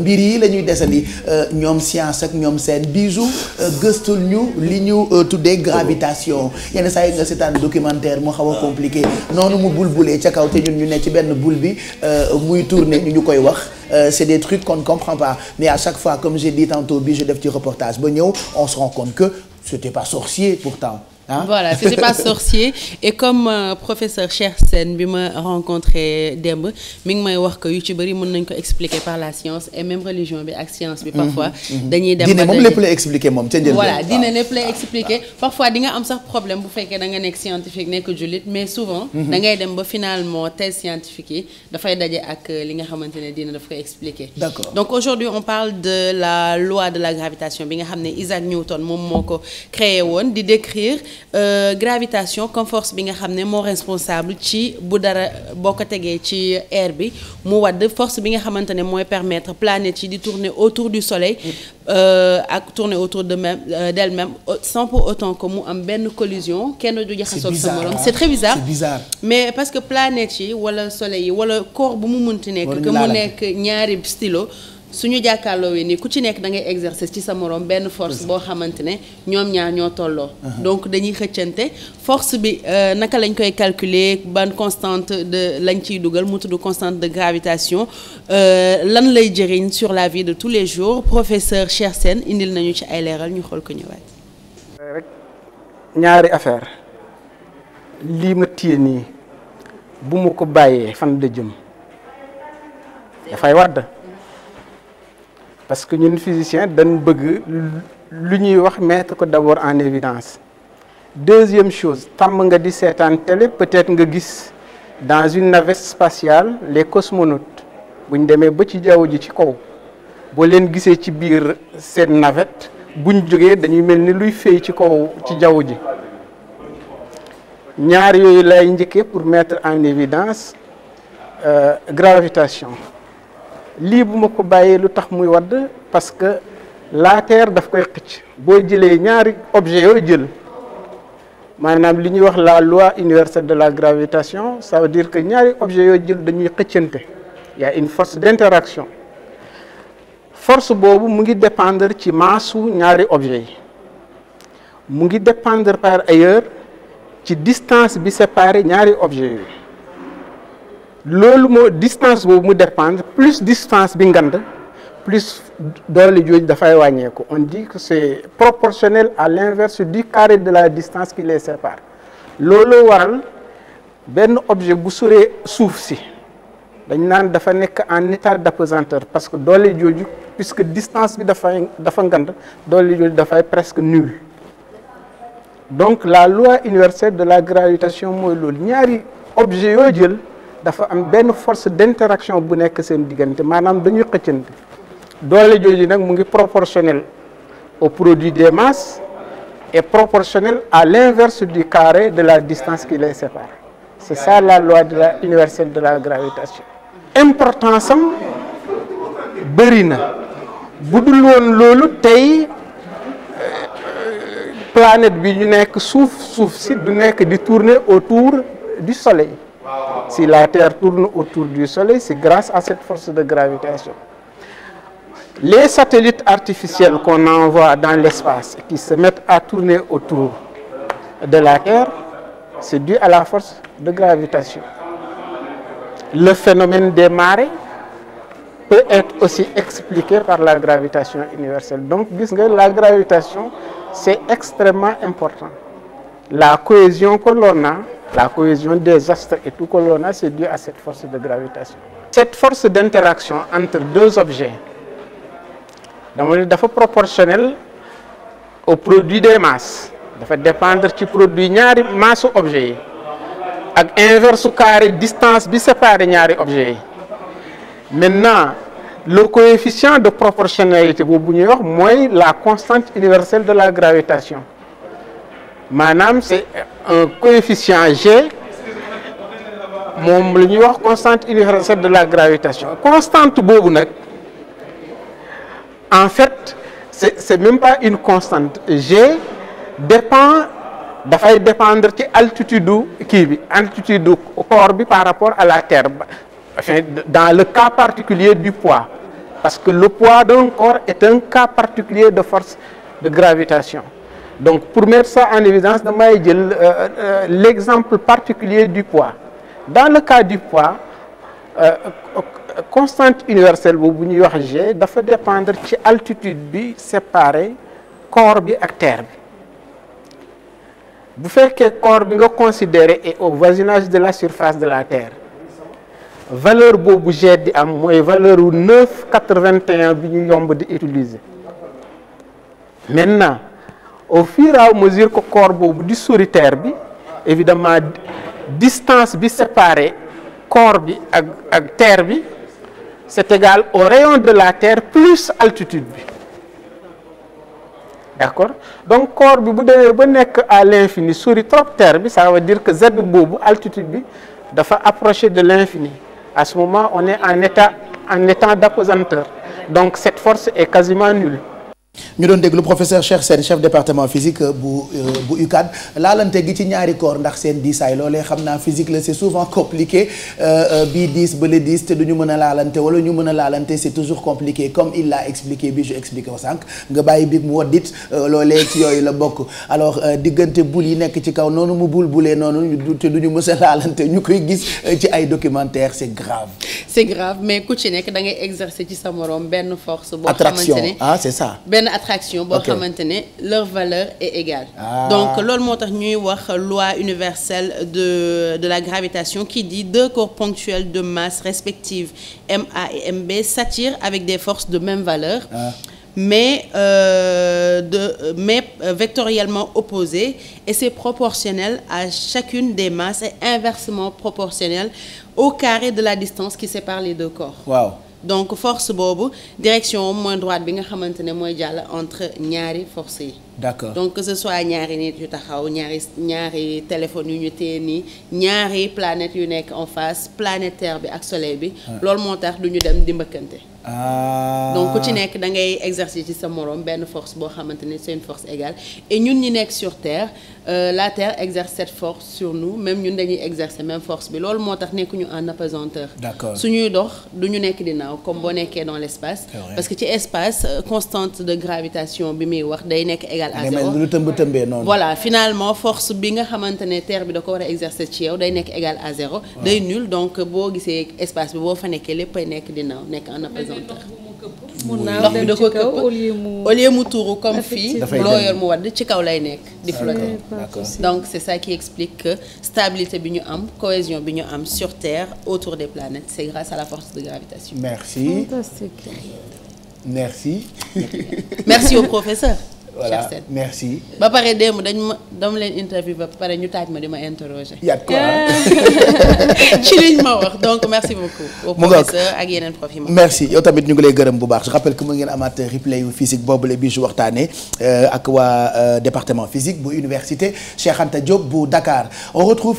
mbir yi la ñuy desandi euh, ñoom science ak ñoom seen bijou euh, gëstul ñu li ñu euh, tuddee gravitation yenn saa yi nga seetaan documentaire moo xaw a compliqué noonu mu bulbulee ca kaw te ñun ñu ne ci benn bul bi muy tourné ñu ñu koy wax c'est des trucs qu'on ne comprend pas mais à chaque fois comme j'ai dit tantôt bi je def ci reportage ba ñëw on se rend compte que c'était pas sorcier pourtant voilà c' était pas sorcier et comme euh, professeur Cheikh bi ma rencontré démb mi ngi may wax que yu ci bëri mën nañ ko expliquer par la science et même religion bi ak science bi. parfois mhm, mhm, mhm. dañuy dem ba moom parfois di nga am sax problème bu fekkee da nga nekk scientifique nekk jullit mais souvent. da ngay dem ba finalement thèse scientifique yi dafay daje ak euh, li nga xamante ne dina daf ko expliquer. d'accord donc aujourd'hui on parle de la loi de la gravitation bi nga xam ne Isaac Newton moom Euh, gravitation comme force bi nga xam ne moo responsable ci bu dara boo ko tegee ci air bi mu wadd force bi nga xamante ne mooy permettre planète yi di tourner autour du soleil mm. euh, ak tourner autour de même euh, d'elle-même sans pour mu am benn collision kenn du jaxasoog sa morom c'est très bizarre mais parce que planète yi wala soleil yi wala corps bu mu munti nekk que mu nekk ñaari stylo suñu jàkkaarloowee nii ku ci nekk da ngay exercer ci sa moroom benn force boo xamante ne ñoom ñaar ñoo tolloo uh-huh. donc dañuy xëccante force bi euh, naka lañ koy calculer ban constante de lañ ciy dugal mu tudd constante de gravitation euh, lan lay jëriñ sur la vie de tous les jours professeur Cheikh Sène indil nañu ci ay leeral ñu xool ko ñëwaat euh, ñaari affaire lii ma téye nii bu ma ko bàyyee fan la jëm dafay wadd parce que ñun physicien dañ bëgg lu ñuy wax mettre ko d'abord en évidence deuxième chose tàmm nga di seetaan télé peut-être nga gis dans une navette spatiale les cosmonautes bu demee ba ci jaww ji ci kaw boo leen gisee ci biir seen navette buñ jógee dañuy mel ni luy fay ci kaw ci jaww ji ñaar yooyu lay njëkkee pour mettre en évidence euh, gravitation lii bu ma ko bàyyee lu tax muy wadd parce que la terre daf koy xëcc boo jëlee ñaari objet yooyu jël maanaam li ñuy wax la loi universelle de la gravitation ça veut dire que ñaari objet yoo jël dañuy xëccante y une force d'interaction force boobu mu ngi dépendre ci maasu ñaari objet yi mu ngi dépendre par ailleurs ci distance bi séparé ñaari objet yi loolu moo distance boobu mu dépendre plus distance bi ngande plus doole jooju dafay wàññeeku on di que c'est proportionnel à l'inverse du carré de la distance qui les sépare loolu waral benn objet bu suree suuf si dañ naan dafa nekk en état d'apesanteur parce que doole jooju puisque distance bi dafay dafa ngand doole jooju dafay presque nul donc la loi universelle de la gravitation mooy loolu ñaari objet yoo jël dafa am benn force d'interaction bu nekk seen diggante maanaam dañuy xëccante doole jooju nag mu ngi proportionnel au produit des masses et proportionnel à l'inverse du carré de la distance qui les sépare c'est ça la loi de la universelle de la gravitation importance am bëri na bu dul woon loolu tey euh, planète bi ñu nekk suuf suuf si du nekk di tourner autour du soleil Si la Terre tourne autour du Soleil, c'est grâce à cette force de gravitation. Les satellites artificiels qu'on envoie dans l'espace, qui se mettent à tourner autour de la Terre, c'est dû à la force de gravitation. Le phénomène des marées peut être aussi expliqué par la gravitation universelle. Donc, la gravitation, c'est extrêmement important. La cohésion que l'on a La cohésion des astres et tout que l'on a, c'est dû à cette force de gravitation. Cette force d'interaction entre deux objets, dafa proportionnelle au produit des masses. dafa dépendre ci produit ñaari masse objet yi ak inverse carré distance bi séparé ñaari objet yi maintenant le coefficient de proportionnalité boobu ñuy wax mooy la constante universelle de la gravitation maanaam c'est un coefficient G moom lu ñuy wax constante universelle de la gravitation constante boobu nag en fait c'est c'est même pas une constante G dépend dafay dépendre ci altitude du kii bi altitude du corps bi par rapport à la terre enfin dans le cas particulier du poids parce que le poids d'un corps est un cas particulier de force de gravitation Donc pour mettre ça en évidence, euh, euh, l'exemple particulier du poids. Dans le cas du poids, euh, constante universelle boobu ñuy wax G dafa dépendre ci altitude bi séparé corps bi ak terre bi bu fekkee corps bi nga considéré et au voisinage de la surface de la terre valeur boobu G di am mooy valeur wu neuf quatre-vingt-un bi ñu yomb di utiliser maintenant au fur et à mesure que corps boobu di sori terre bi évidemment distance bi séparé corps bi ak ak terre bi c'est égal au rayon de la terre plus altitude bi d'accord donc corps bi bu demee ba nekk à l'infini sori trop terre bi ça veut dire que z boobu altitude bi dafa approché de l'infini à ce moment on est en état en état d'apesanteur donc cette force est quasiment nulle ñu doon déglu professeur Cheikh Sène chef département physique euh, bu euh, bu laalante gi ci ñaari corps ndax seen diisaay loolee xam naa physique la c'est souvent compliqué euh, bii diis ba le diis te du ñu mën a laalante wala ñu mën a laalante c'est toujours compliqué comme il l'a expliqué bi je expliqué ko sànq nga bàyyi bi mu woddit loolee ci yooyu la bokk alors diggante bul yi nekk ci kaw noonu mu bul bulee noonu te du ñu mës a laalante ñu koy gis ci ay documentaire c'est grave c'est grave mais ku ci nekk da ngay exercer ci sa moroom benn force boo xamante ne ah, attraction boo xamante ne leur valeur est égale ah. donc loolu moo tax ñuy wax loi universelle de de la gravitation qui dit deux corps ponctuels de masse respectives MA et MB s'attirent avec des forces de même valeur ah. mais euh, de mais euh, vectoriellement opposées et c'est proportionnel à chacune des masses et inversement proportionnel au carré de la distance qui sépare les deux corps. donc force boobu direction mooy droite bi nga xamante ne mooy jàll entre ñaari force yi d'accord donc que ce soit ñaari nit yu taxaw ñaari ñaari téléphone yu ñu téye nii ñaari planète yu nekk en face planète terre bi ak soleil bi. loolu moo tax du ñu dem di mbëkkante. Ah. donc ku ci nekk da ngay exercer ci sa moroom benn force boo xamante ni seen force égale et ñun ñu nekk sur terre euh, la terre exerce cette force sur nous même ñun dañuy exercer même force bi loolu moo tax nekkuñu en apesanteur. d'accord suñuy dox du ñu nekk di naaw comme boo nekkee dans l'espace. parce que ci espace euh, bi muy wax égal à zéro voilà finalement force bi nga xamante ne terre bi ko war a exercer ci yow day nekk égal à zéro. day boo gisee espace boo fa nekkee léppay nekk dina nekk en apesanteur. ndox bi da ko këpp au lieu mu tuuru comme fii loo yor mu wadd ci kaw lay nekk di flotter donc c'est ça qui explique stabilité bi ñu am cohésion bi ñu am sur terre autour des planètes c'est grâce à la force de gravitation merci merci merci voilà merci. ba pare démb dañ ma dama leen interview ba pare ñu taaj ma di ma interroger. yaat quoi ci liñ ma wax donc merci beaucoup. mu ngoog professeur ak yeneen prof yi merci yow tamit ñu ngi lay gërëm bu baax je rappelle que mu ngeen amaat replay yu physique boobule bi ju waxtaanee euh, ak waa euh, département physique bu université Cheikh Anta bu dakaar on retrouve